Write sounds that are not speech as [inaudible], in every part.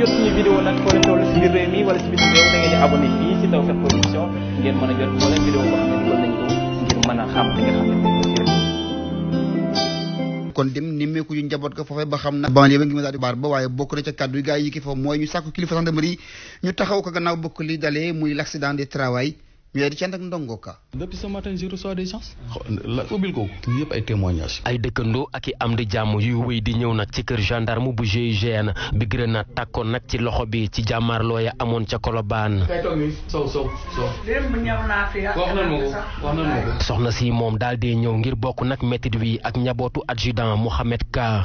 jot suñu vidéo nag foo a xam kon dem nemmeeku yu njaboot ga foofee ba xam na banlieue ba ngi ma baar ba waaye bokk na ca kàddu yi gars yi yi ki foofu mooy ñu sàkku kilifa ñu taxaw ko gannaaw bokk li dalee muy l'accident de travail weer ci ànd ak ndongo ay dëkkandoo ak i am di jàmm yuy wéy di ñëw nag ci kër gendarme bu GIGN bi grenade takkoon nag ci loxo bi ci jàmmaarloo ya amoon ca Colobane. soxna si moom dal di ñëw ngir bokk nag métit wi ak njabootu adjudant Mohamed Ka.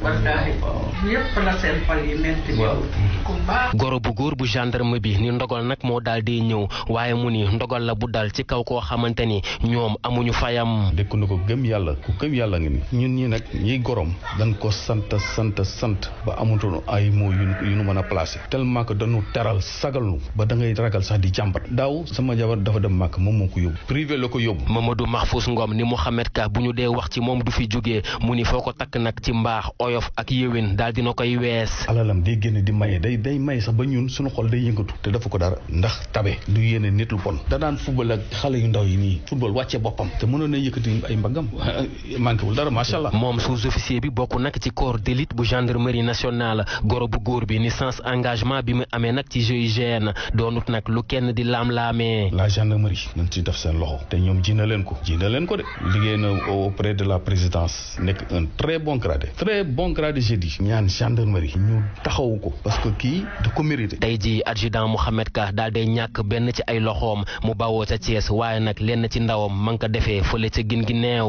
goro bu góor bu gendarme bi ni ndogal nag moo daal di ñëw waaye mu ni ndogal la bu dal ci kaw koo xamante ni ñoom amuñu fayam. dëkk na ko gëm yàlla ku gëm yàlla nga ni ñun ñi nag ñiy gorom dan ko sant sant sant ba amutoon ay mots yu yu nu mën a placé tellement que dañu teral sagal nu ba da ngay ragal sax di jàmbat daaw sama jabar dafa dem màkk moom moo ko yóbbu privé la ko yóbbu. Mamadou Mahfous Ngom ni Mouhamed Ka bu ñu dee wax ci moom du fi jógee mu ni foo ko takk nag ci mbaax oyof ak yéwén daal dina koy wees. alalam day génn di maye day day maye sax ba ñun suñu xol day yëngatu te dafa ko dara ndax tabe du wala xale yu ndaw yi nii football wàcce boppam te mënoon na yëkkati ay mbagam [laughs] manqué wul dara macha allah. moom sous-officier bi bokk nag ci corps d'élite bu gendarmerie nationale goro bu góor bi ni sans engagement bi mu amee nag ci GIGN doonut nag lu kenn di laam-laamee. la gendarmerie nañ ci def seen loxo te ñoom ji leen ko ji leen ko de liggéey na auprès de la présidence nekk un très bon gradé très bon gradé je ñaan gendarmerie ñu sa Thiès waaye nag lenn ci ndawam ma nga ko defee fële ca gin gi neew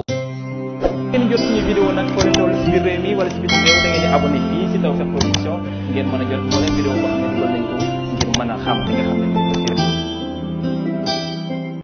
ngeen jot suñu vidéo nag foo leen si biir réew wala si biir réew ngeen di abonné fii si Tawfekh Production ngeen mën a jot moo leen vidéo boo xam ne dugal nañ xam